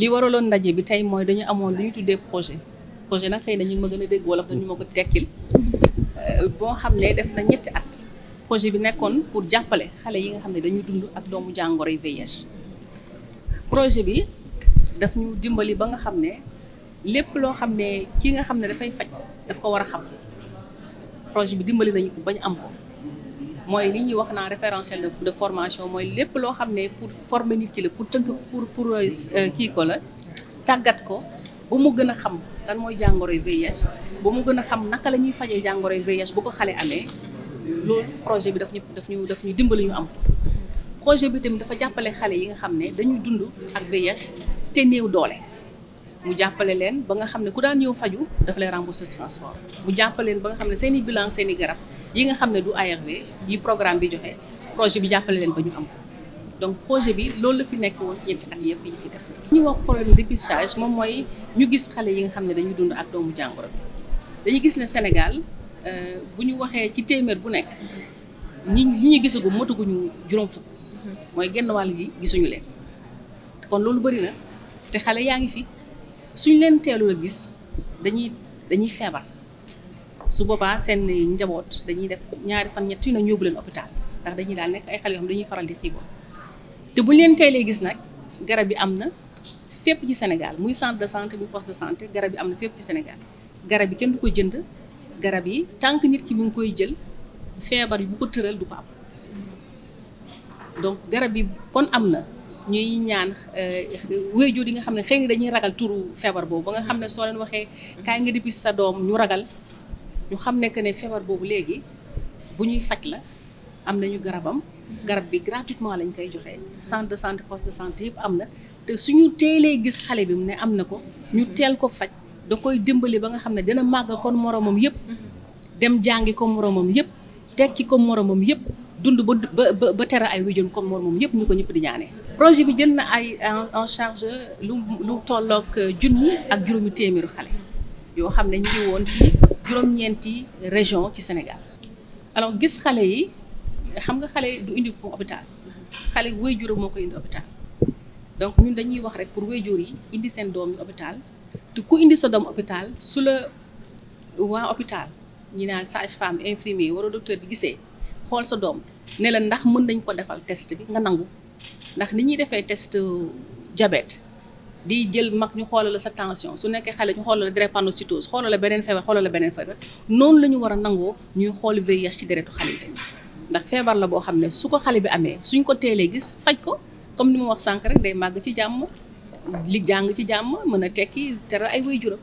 li waraloon ndaje bi tey mooy dañu amoon lu ñu tuddee projet projet nag xëy na ñu ngi ma gën a dégg wolof dañu ma ko tekkil euh, boo xam ne def na ñetti at projet bi nekkoon pour jàppale xale yi nga xam ne dañuy dund ak doomu jàngoroy VIH projet bi daf ñu dimbali ba nga xam ne lépp loo xam ne ki nga xam ne dafay faj daf ko war a xam projet bi dimbali nañu ko bañ am mooy li ñuy wax naa référentiel de de formation mooy lépp loo xam ne pour former nit ki la pour tënk pour pour euh, euh, kii ko la tàggat ko ba mu gën a xam lan mooy jàngoroy VIH ba mu gën a xam naka la ñuy fajee jàngoroy VIH bu ko xale amee loolu projet bi daf ñu daf ñu daf ñu dimbali ñu am projet bi tamit dafa jàppale xale yi nga xam ne dañuy dund ak VIH te néew doole. mu jàppale leen ba nga xam ne ku daan yow faju daf lay rembourser transport mu jàppale leen ba nga xam ne seen i bilan seen garab yi nga xam ne du ARV yi programme bi joxe projet bi jàppale leen ba ñu am donc projet bi loolu la fi nekk woon ñetti yëpp yi fi def ñu wax problème dépistage moom mooy ñu gis xale yi nga xam ne dañuy dund ak doomu jàngoro dañu gis ne Sénégal euh, bu ñu waxee ci téeméer bu nekk ñi ñi ñu gisagu mataguñu juróom fukk mhm. mooy genn wàll gi gisuñu leen kon loolu bëri na te xale yaa ngi fi suñ leen teelul a gis dañuy dañuy feebar su boobaa seen njaboot dañuy def ñaari fan ñett yu ne yóbbu leen hôpital ndax dañuy daal nekk ay xale yoo dañuy faral di xiibon te bu buñ leen teelee gis nag garab yi am na fépp ci Sénégal muy centre de santé muy poste de santé garab yi am na fépp ci Sénégal garab yi kenn du ko jënd garab yi tànk nit ki mu ngi koy jël feebar yi bu ko tëral du ko am donc garab yi kon am na ñuy ñaan euh, wéyjur yi nga xam ne xëy na dañuy ragal turu feebar boobu ba nga xam ne soo leen waxee kaay nga di bis sa doom ñu ragal ñu xam ne que ne feebar boobu léegi bu ñuy faj la am nañu garabam garab bi gratuitement lañ koy joxe centre de santé poste de santé yëpp am na te su ñu teelee gis xale bi mu ne am na ko ñu teel ko faj da koy dimbali ba nga xam ne dana màgg kon moromam yëpp dem jàngi ko moromam yëpp tekki ko moromam yëpp dund ba ba ba tere ay wéjoon kon moromam yëpp ñu ko ñëpp di ñaanee projet bi jën na ay en charge lu lu tolloog euh, junni ak juróomi téeméeri xale yoo xam ne ñu woon ci juróom-ñeenti région ci Sénégal alors gis xale yi xam nga xale du indi ko hôpital xale wéy juróom moo ko indi hôpital donc ñun dañuy wax rek pour wéyjur yi indi seen doom yi hôpital te ku indi sa doom hôpital su la waa hôpital ñi naan sage-femme infirmier wala docteur bi gisee xool sa doom ne la ndax mën nañ ko defal test bi nga nangu ndax ni ñuy defee test jabet di jël mag ñu xoolal sa tension su nekkee xale ñu xoolal la drépanocytose xoolal beneen feebar xoolal la beneen feebar noonu lañu war a nangoo ñuy xool VIH ci deretu xale yi tamit ndax feebar la boo xam ne su ko xale bi amee suñ ko teelee gis faj ko comme ni ma wax sànk rek day màgg ci jàmm li jàng ci jàmm mën a tekki teral ay waajuram